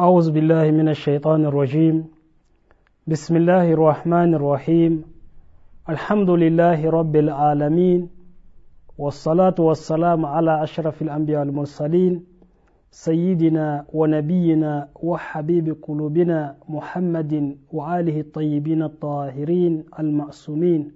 أعوذ بالله من الشيطان الرجيم بسم الله الرحمن الرحيم الحمد لله رب العالمين والصلاة والسلام على أشرف الأنبياء المرسلين سيدنا ونبينا وحبيب قلوبنا محمد وآله الطيبين الطاهرين المعصومين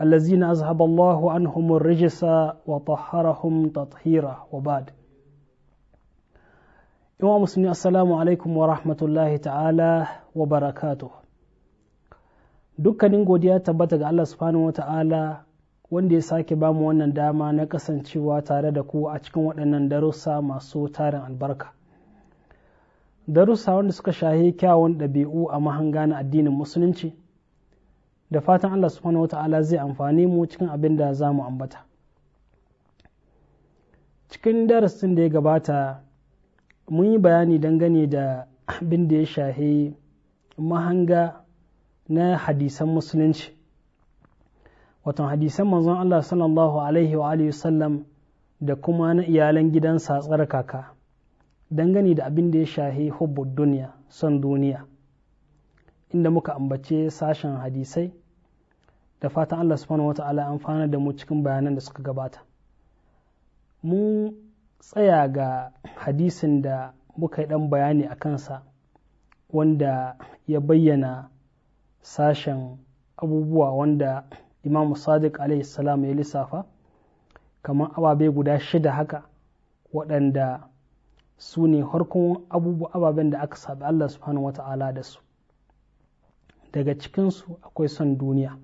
الذين أذهب الله عنهم الرجس وطهرهم تطهيرا وبعد Iwa musulmi assalamu alaikum wa rahmatullahi ta'ala wa barakatu dukkanin godiya tabbata ga Allah subhanahu wa ta'ala wanda ya sake bamu wannan dama na kasancewa tare da ku a cikin waɗannan darussa masu tarin albarka darussa wanda suka shahi kyawun ɗabi'u a mahanga na addinin musulunci da fatan Allah subhanahu wa ta'ala zai amfani mu cikin abin da za mu ambata cikin darasin da ya gabata mun yi bayani dangane da abin da ya shahe mahanga na hadisan musulunci watan hadisan manzon Allah sallallahu alaihi wa alihi sallam da kuma na iyalan gidansa Kaka dangane da abin da ya shahe hubbud duniya son duniya inda muka ambace sashen hadisai da fatan Allah subhanahu wata'ala an fana da mu cikin bayanan da suka gabata mun tsaya ga hadisin da muka yi ɗan bayani a kansa wanda ya bayyana sashen abubuwa wanda imam sadiq salam ya lissafa kamar ababe guda shida haka waɗanda su ne harkon abubuwa ababen da aka saɓi Allah subhanahu wata'ala da su daga cikinsu akwai son duniya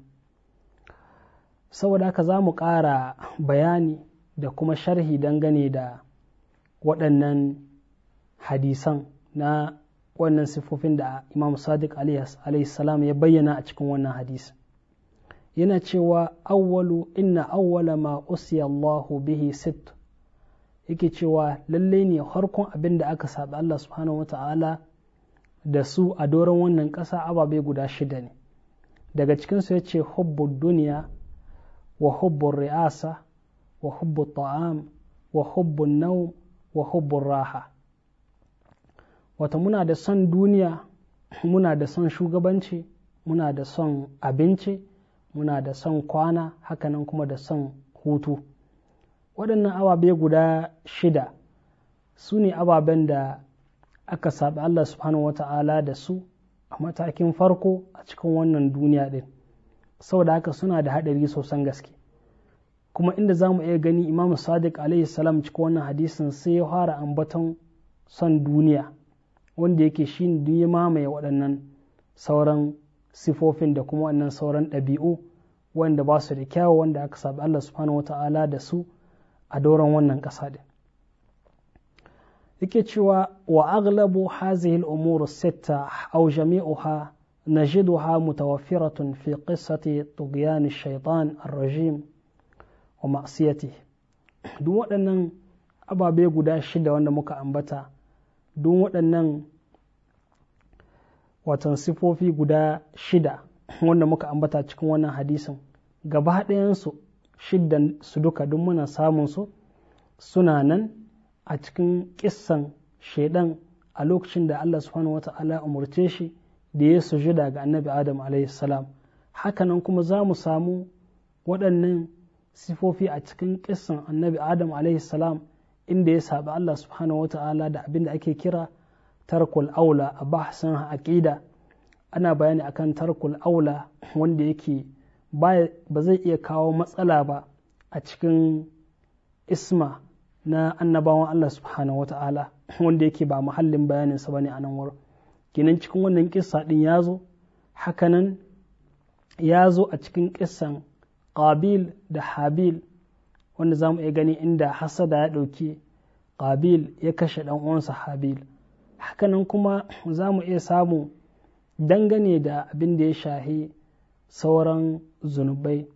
saboda haka za mu ƙara bayani da kuma sharhi dangane da waɗannan hadisan na wannan siffofin da imam sadiq salam ya bayyana a cikin wannan hadisi yana cewa awwalu inna awwala ma usiya Allahu bihi sitt yake cewa lalle ne harkon abin da aka saɓi Allah subhanahu wa ta'ala da su a doron wannan ƙasa ababe guda shida ne daga cikinsu ya ce hubbun duniya wa hubbun ri'asa wa hubbu ta'am wa hubbun nau wa hubbun raha wata muna da son duniya muna da son shugabanci muna da son abinci muna da son kwana hakanan kuma da son hutu waɗannan ababe guda shida su ne ababen da aka saɓi Allah subhanahu da su a matakin farko a cikin wannan duniya ɗin saboda haka suna da haɗari soson gaske kuma inda za mu iya gani imamu sadiq alaihi salam cikin wannan hadisin sai ya fara ambaton son duniya wanda yake shi ne ya mamaye waɗannan sauran sifofin da kuma wannan sauran ɗabi'u wanda ba su da kyawu wanda aka sabi Allah subhanahu wa ta'ala da su a doron wannan ƙasa ɗin yake cewa wa aglabu hazihi al-umur sitta aw jami'uha najiduha mutawaffiratun fi qissati tughyan ash-shaytan ar-rajim wa ma'siyati duk waɗannan ababe guda shida wanda muka ambata duk waɗannan watan sifofi guda shida wanda muka ambata cikin wannan hadisin gaba ɗayansu shiddan su duka duk muna samunsu suna nan a cikin ƙissan shaidan a lokacin da Allah subhanahu wata'ala umarce shi da ya sujada ga annabi Adam alaihi salam hakanan kuma za mu samu waɗannan sifofi a cikin ƙisan annabi adam alaihi salam inda ya saba Allah subhanahu ta'ala da abin da ake kira tarkul aula a bahasan aqida ana bayani akan tarkul aula wanda yake ba zai iya kawo matsala ba a cikin isma na annabawan Allah subhanahu ta'ala. wanda yake ba muhallin bayaninsa ba ne a nan wurin Ginin cikin wannan ƙisa din ya zo hakanan ya zo a cikin ƙisan. qabil da habil wanda za mu iya gani inda hasada ya ɗauki qabil ya kashe ɗan uwansa habil hakanan kuma za mu iya samu dangane da abin da ya shahi sauran zunubai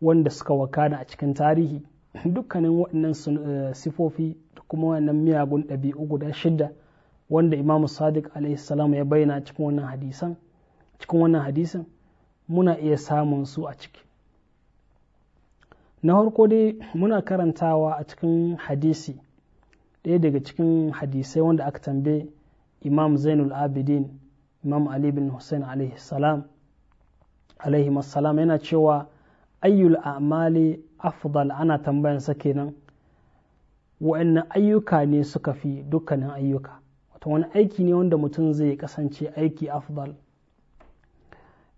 wanda suka wakana a cikin tarihi dukkanin waɗannan eh, sifofi da kuma waɗannan miyagun ɗabi'u guda shida wanda imamu sadiq alaihissalam ya bayyana cikin wannan hadisan muna iya samun su a ciki na harko dai muna karantawa a cikin hadisi ɗaya daga cikin hadisai wanda aka tambaye imam zainul abidin imam ali bin hussein alaihi yana cewa ayyul a'mali afdal ana sa kenan wa'anna ayyuka ne suka fi dukkanin ayyuka wato wani aiki ne wanda mutum zai kasance aiki afdal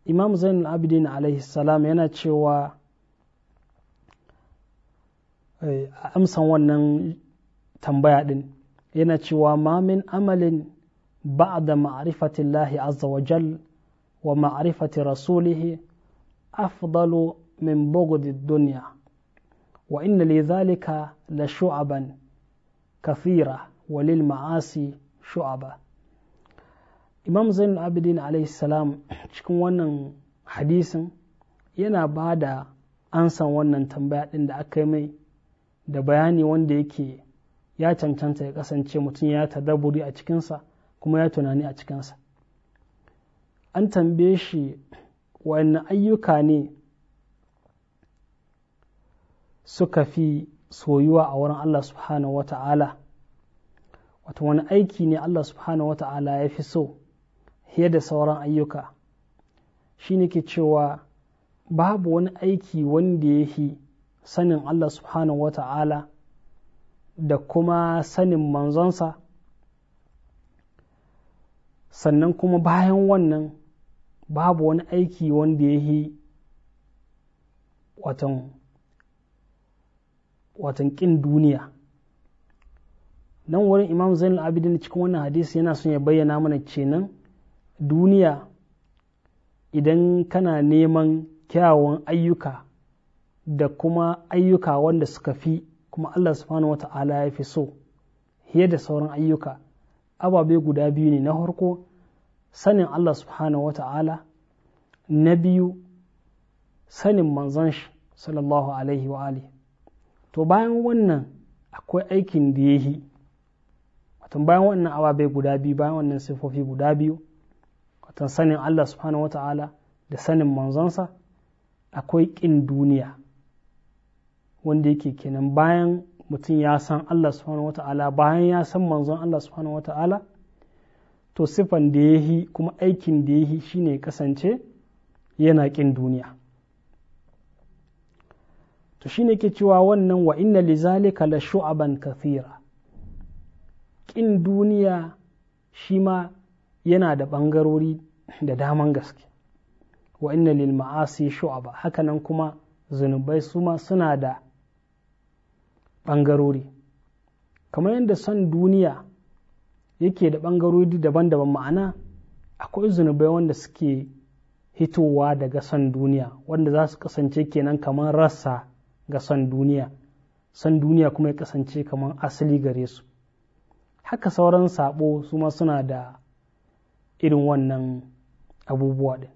imam zainul abidin alaihi yana cewa a eh, amsan wannan tambaya din yana cewa ma min amalin ba'da da Allah azza wa jal wa ma'rifati rasulih afdalu min bughdi duniya wa inna li zalika la shu'aban kathira wa lil ma'asi shu'aba Imam Zainul Abidin alayhi salam cikin wannan hadisin yana ba da ansan wannan tambaya din da aka yi mai da bayani wanda yake ya cancanta ya kasance mutum ya tadabburi a cikinsa kuma ya tunani a cikinsa an tambaye shi wani ayyuka ne suka fi soyuwa a wurin Allah subhanahu wata'ala Wata wani aiki ne Allah subhanahu wata'ala ya fi so fiye da sauran ayyuka shi ne ke cewa babu wani aiki wanda ya fi sanin Allah subhanahu wa ta'ala da kuma sanin manzonsa sannan kuma bayan wannan babu wani aiki wanda ya yi watan ƙin duniya nan wurin imam zainul abidin cikin wannan hadisi yana son ya bayyana mana kenan duniya idan kana neman kyawun ayyuka da kuma ayyuka wanda suka fi kuma Allah subhanahu wa ta'ala ya fi so fiye da sauran ayyuka ababe guda biyu ne na harko sanin Allah subhanahu wa ta'ala na biyu sanin manzan shi sallallahu alaihi wa alihi to bayan wannan akwai aikin da ya yi watan bayan wannan ababe guda biyu bayan wannan sifofi guda biyu watan sanin Allah subhanahu wa ta'ala da sanin manzansa akwai ƙin duniya wanda yake kenan bayan mutum ya san Allah subhanahu wata'ala bayan ya san manzon Allah subhanahu wata'ala to sifan da ya yi kuma aikin da ya yi shine kasance yana ƙin duniya to shine ke cewa wannan wa inna zalika la shu'aban kathira ƙin duniya shi ma yana da ɓangarori da daman gaske wa inna lil ma'asi shu'aba hakanan kuma zunubai su ma suna da ɓangarori kamar yadda son duniya yake da ɓangarori daban-daban ma'ana akwai zunubai wanda suke hitowa daga son duniya wanda za su kasance kenan kamar rasa ga son duniya son duniya kuma ya kasance kamar asali gare su haka sauran sabo su ma suna da irin wannan abubuwa ɗin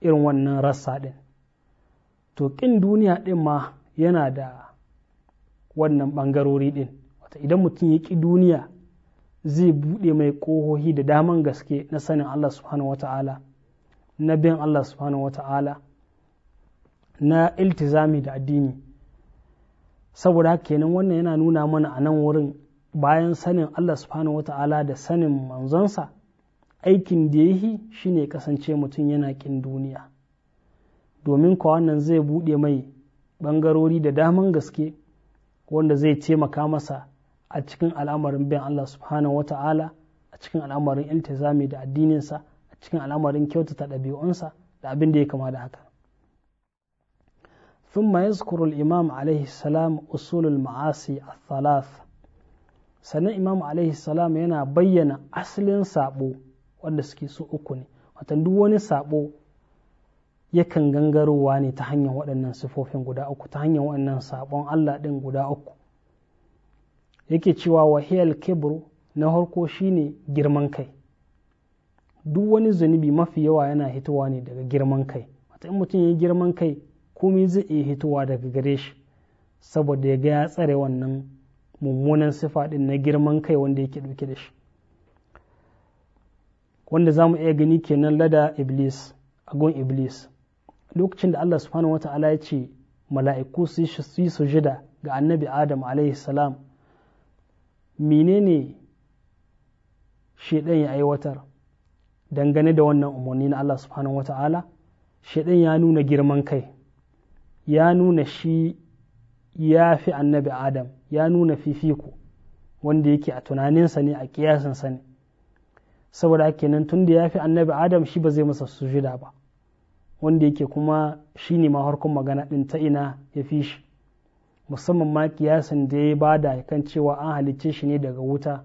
irin wannan rasa ɗin to ƙin duniya ɗin ma yana da wannan bangarori ɗin wata idan mutum ya ƙi duniya zai buɗe mai ƙohohi da daman gaske na sanin Allah subhanahu wa ta'ala na bin Allah subhanahu wa ta'ala na iltizami da addini saboda haka kenan wannan yana nuna mana a nan wurin bayan sanin Allah subhanahu wa ta'ala da sanin manzonsa aikin da ya yi ne kasance mutum yana ƙin duniya domin kuwa wannan zai buɗe mai ɓangarori da daman gaske wanda zai taimaka masa a cikin al'amarin bin Allah subhanahu wata'ala a cikin al'amarin iltizami da addininsa a cikin al'amarin kyautata ɗabi'unsa da abin da ya kama da haka ثم imam Imam salam usulul ma'asi a الثلاث Sannan Imam عليه salam yana bayyana asalin saɓo wanda suke so uku ne watan duk wani saɓo yakan gangarowa ne ta hanyar waɗannan sifofin guda uku ta hanyar waɗannan sabon Allah ɗin guda uku yake cewa wahiyar kebro na harko shine girman kai duk wani zunubi mafi yawa yana hitowa ne daga girman kai wata in mutum ya yi girman kai komai zai iya hitowa daga gare shi saboda ya ga ya tsare wannan mummunan sifa ɗin na girman kai wanda yake ɗauke da shi wanda za mu iya gani kenan lada iblis agon iblis lokacin da Allah subhanahu wa ta'ala ya ce mala'iku su yi sujada ga annabi Adam alaihi salam menene shaidan ya aiwatar dangane da wannan umarni na Allah subhanahu wa ta'ala shaidan ya nuna girman kai ya nuna shi ya fi annabi Adam ya nuna fifiko wanda yake a tunaninsa ne a kiyasinsa ne saboda kenan tun da ya fi annabi Adam shi ba zai masa sujada ba wanda yake kuma shi ne harkon magana ɗin ta ina ya fi shi musamman ma kiyasin da ya bada kan cewa an halicce shi ne daga wuta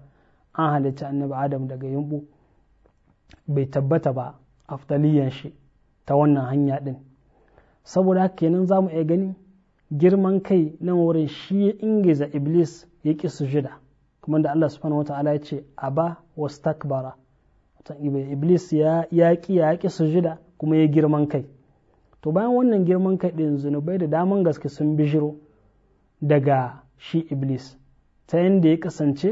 an halicci annabi adam daga yumbu bai tabbata ba aftaliyan shi ta wannan hanya ɗin saboda haka kenan za mu iya gani girman kai nan wurin shi ya ingiza iblis ya ƙi sujida kuma da Allah subhanahu ta'ala ya ce aba wastakbara iblis ya ƙi ya ƙi sujida kuma ya girman kai to bayan wannan girman kai ɗin zunubai da daman gaske sun bijiro daga shi iblis ta yadda ya kasance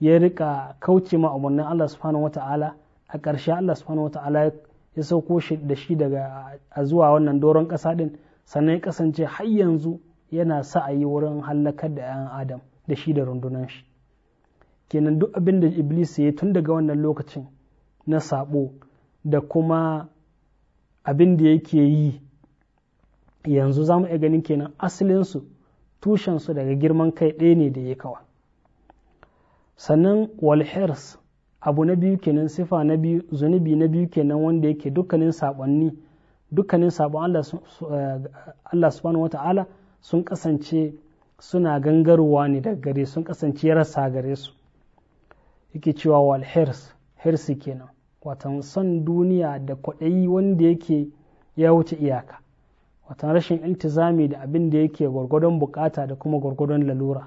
ya rika kauce ma umarnin Allah subhanahu wata'ala a ƙarshe Allah subhanahu wata'ala ya sauko shi da shi daga a zuwa wannan doron ƙasa ɗin sannan ya kasance har yanzu yana sa a yi wurin hallakar da 'yan adam da shi da rundunan shi kenan duk abin da iblis ya yi tun daga wannan lokacin na sabo da kuma abin da yake yi yanzu za mu iya ganin kenan asalinsu tushensu daga girman kai ɗaya ne da ya kawa sannan walhers abu na biyu kenan sifa na biyu zunubi na biyu kenan wanda yake dukkanin saɓonni dukkanin saɓon Allah eh, subhanahu wata'ala sun kasance suna gangarwa ne daga gare sun kasance rasa gare su yake cewa walhers hirsi kenan watan son duniya da kwaɗayi wanda yake ya wuce iyaka watan rashin iltizami da abin da yake gwargwadon bukata da kuma gwargwadon lalura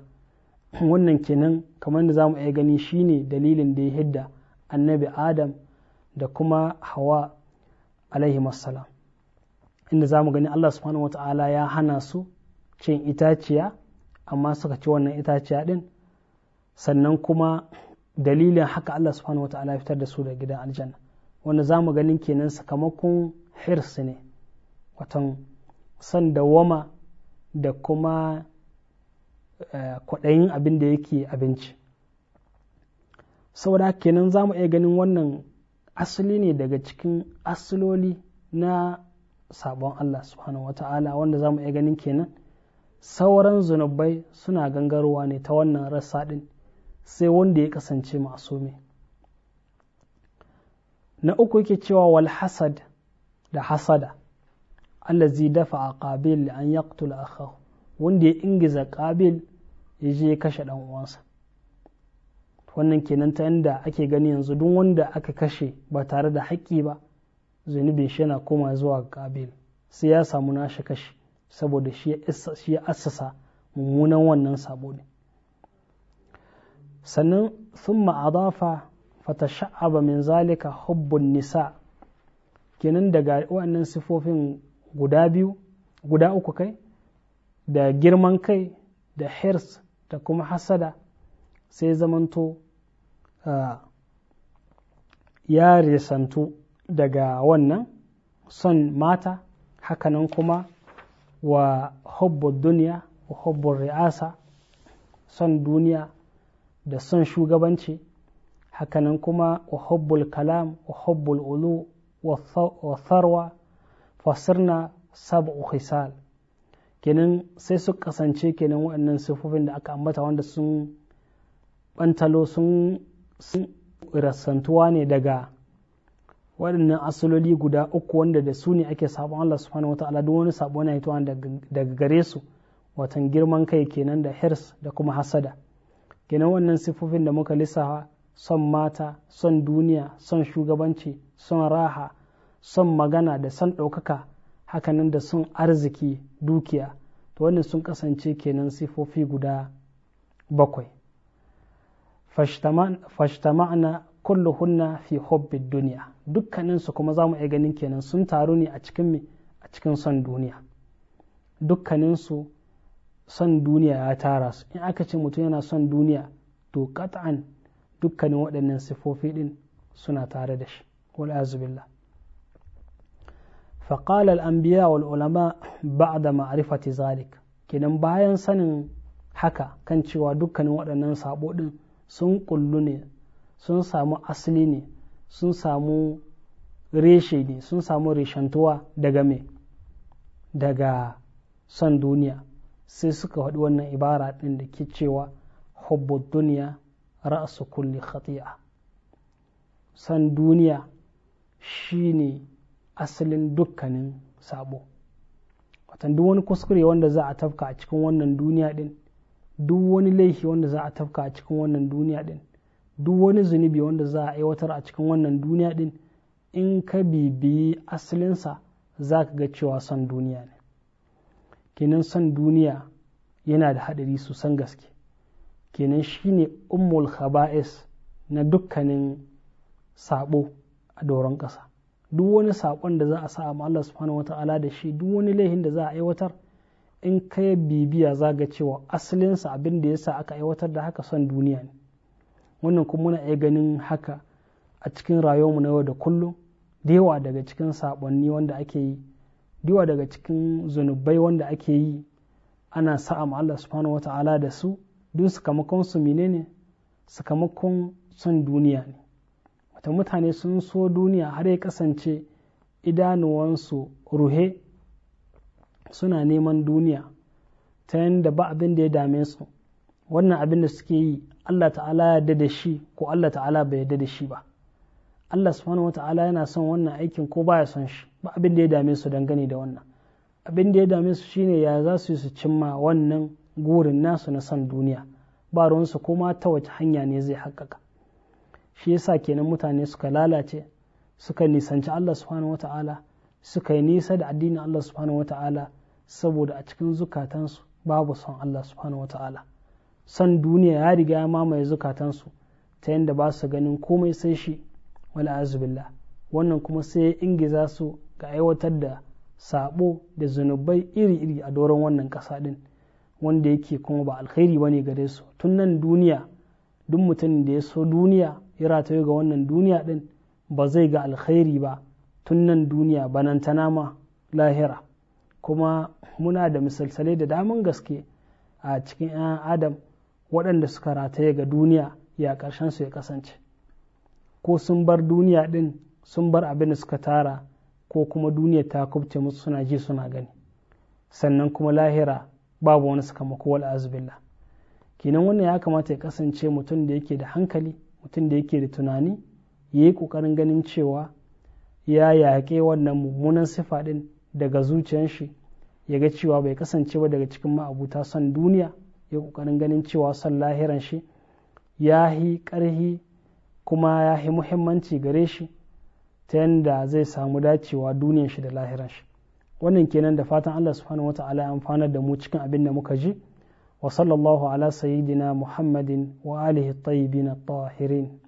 wannan kenan kamar da za mu iya gani shine dalilin da ya hidda annabi adam da kuma hawa alaihi inda za mu gani allah subhanahu wa ta'ala ya hana su cin itaciya amma suka ci wannan itaciya din sannan kuma dalilin haka Allah subhanahu wa ta'ala ya fitar da su da gidan aljanna wanda za mu ganin kenan sakamakon hirsi ne watan san wama da kuma eh, kwaɗayin abin da yake abinci saboda kenan za mu iya ganin wannan asali ne daga cikin asaloli na sabon Allah subhanahu ta'ala wanda za mu iya ganin kenan sauran zunubai suna gangarowa ne ta wannan rassa ɗin sai wanda ya kasance masumi na uku yake cewa wal hasad da hasada allazi dafa a qabil an yaqtul akhahu wanda ya ingiza qabil ya je ya kashe dan uwansa wannan kenan ta inda ake gani yanzu duk wanda aka kashe ba tare da haƙƙi ba zunubin shi yana koma zuwa qabil sai ya samu nashi kashe saboda shi ya assasa mummunan wannan sabo ne sannan sun ma'adafa fata sha'aba min zalika hubbun nisa kenan daga waɗannan sifofin guda biyu guda uku kai da girman kai da hirs da kuma hasada sai zamanto ya risantu daga wannan son mata hakanan kuma wa hubbun duniya wa hubbun ri'asa son duniya da son shugabanci hakanan kuma wa hubbul kalam wa hubbul ulu wa tharwa fasirna sab'u khisal kenan sai su kasance kenan waɗannan sifofin da aka ambata wanda sun bantalo sun rassantuwa ne daga waɗannan asaloli guda uku wanda da su ne ake sabon Allah subhanahu wa ta'ala duk wani sabo na daga gare su watan girman kai kenan da hirs da kuma hasada kenan wannan sifofin da muka lissafa son mata son duniya son shugabanci son raha son magana da son ɗaukaka hakanan da son arziki dukiya to wannan sun kasance kenan sifofi guda bakwai kullu hunna fi hobbit duniya dukkaninsu kuma za mu iya ganin kenan sun taru ne a cikin a cikin son duniya dukkaninsu son duniya ya tara su in aka ce mutum yana son duniya to kat'an dukkanin waɗannan sifofi ɗin suna tare da shi wal azubillah فقال wal والعلماء بعد معرفة ذلك kenan bayan sanin haka kan cewa dukkanin waɗannan sabo ɗin sun kullu ne sun samu asali ne sun samu reshe ne sun samu reshantuwa daga me daga son duniya sai suka haɗu wannan ibara ɗin da ke cewa hubbu duniya ra'asu kulli khati'a san duniya shine asalin dukkanin sabo watan duk wani kuskure wanda za a tafka a cikin wannan duniya ɗin duk wani laifi wanda za a tafka a cikin wannan duniya ɗin duk wani zunubi wanda za a aiwatar a cikin wannan duniya ɗin in ka bibiyi asalinsa za ka ga cewa son duniya ne kenan son duniya yana da haɗari san gaske kenan shine ummul khaba'is na dukkanin sabo a doron ƙasa duk wani saƙon da za a sa amma Allah subhanahu wata'ala da shi duk wani laihin da za a aiwatar in ka bibiya za ga cewa asalinsa abin da sa aka aiwatar da haka son duniya ne wannan kuma muna iya ganin haka a cikin rayuwarmu na yau da kullum da yawa daga cikin saƙonni wanda ake yi diwa daga cikin zunubai wanda ake yi ana sa'a ma Allah subhanahu wa ta'ala da su duk sakamakon su menene sakamakon son duniya ne wata mutane sun so duniya har ya kasance idanuwansu ruhe suna neman duniya ta yadda ba abin da ya dame su wannan abin da suke yi Allah ta'ala ya da shi ko Allah ta'ala bai yarda da shi ba Allah subhanahu wa ta'ala yana son wannan aikin ko baya son shi ba abin da ya dame su dangane da wannan abin da ya dame su shine ya za su yi su cimma wannan gurin nasu na son duniya ba ruwansu kuma ta wace hanya ne zai haƙƙaƙa shi yasa kenan mutane suka lalace suka nisanci Allah subhanahu wata'ala suka yi nisa da addinin Allah subhanahu wata'ala saboda a cikin zukatansu babu son Allah subhanahu wata'ala son duniya ya riga ya mamaye zukatansu ta yadda ba su ganin komai sai shi wala azubillah wannan kuma sai ya ingiza su ga aiwatar da sabo da zunubai iri-iri a doron wannan ƙasa ɗin wanda yake kuma ba alkhairi ba ne gare su tun nan duniya duk mutumin da ya so duniya ya ratayo ga wannan duniya ɗin ba zai ga alkhairi ba tun nan duniya ta nama lahira kuma muna da misalsalai da daman gaske a cikin 'yan adam waɗanda suka rataye ga duniya ya ƙarshen su ya kasance ko sun bar duniya ɗin sun bar abin da suka tara ko kuma duniya ta kubce musu suna ji suna gani sannan kuma lahira babu wani sakamako wal azubillah kenan wannan ya kamata ya kasance mutum da yake da hankali mutum da yake da tunani ya yi ƙoƙarin ganin cewa ya yaƙe wannan mummunan sifa ɗin daga zuciyar shi ya ga cewa bai kasance ba daga cikin ma'abuta son duniya ya kokarin ganin cewa son lahiran shi ya yi ƙarhi kuma ya yi muhimmanci gare shi ta yadda zai samu dacewa duniyan shi da lahiran shi wannan kenan da fatan Allah subhanahu wata'ala ya amfanar da mu cikin abin da muka ji wa sallallahu ala sayyidina muhammadin wa alihi tayyibin tahirin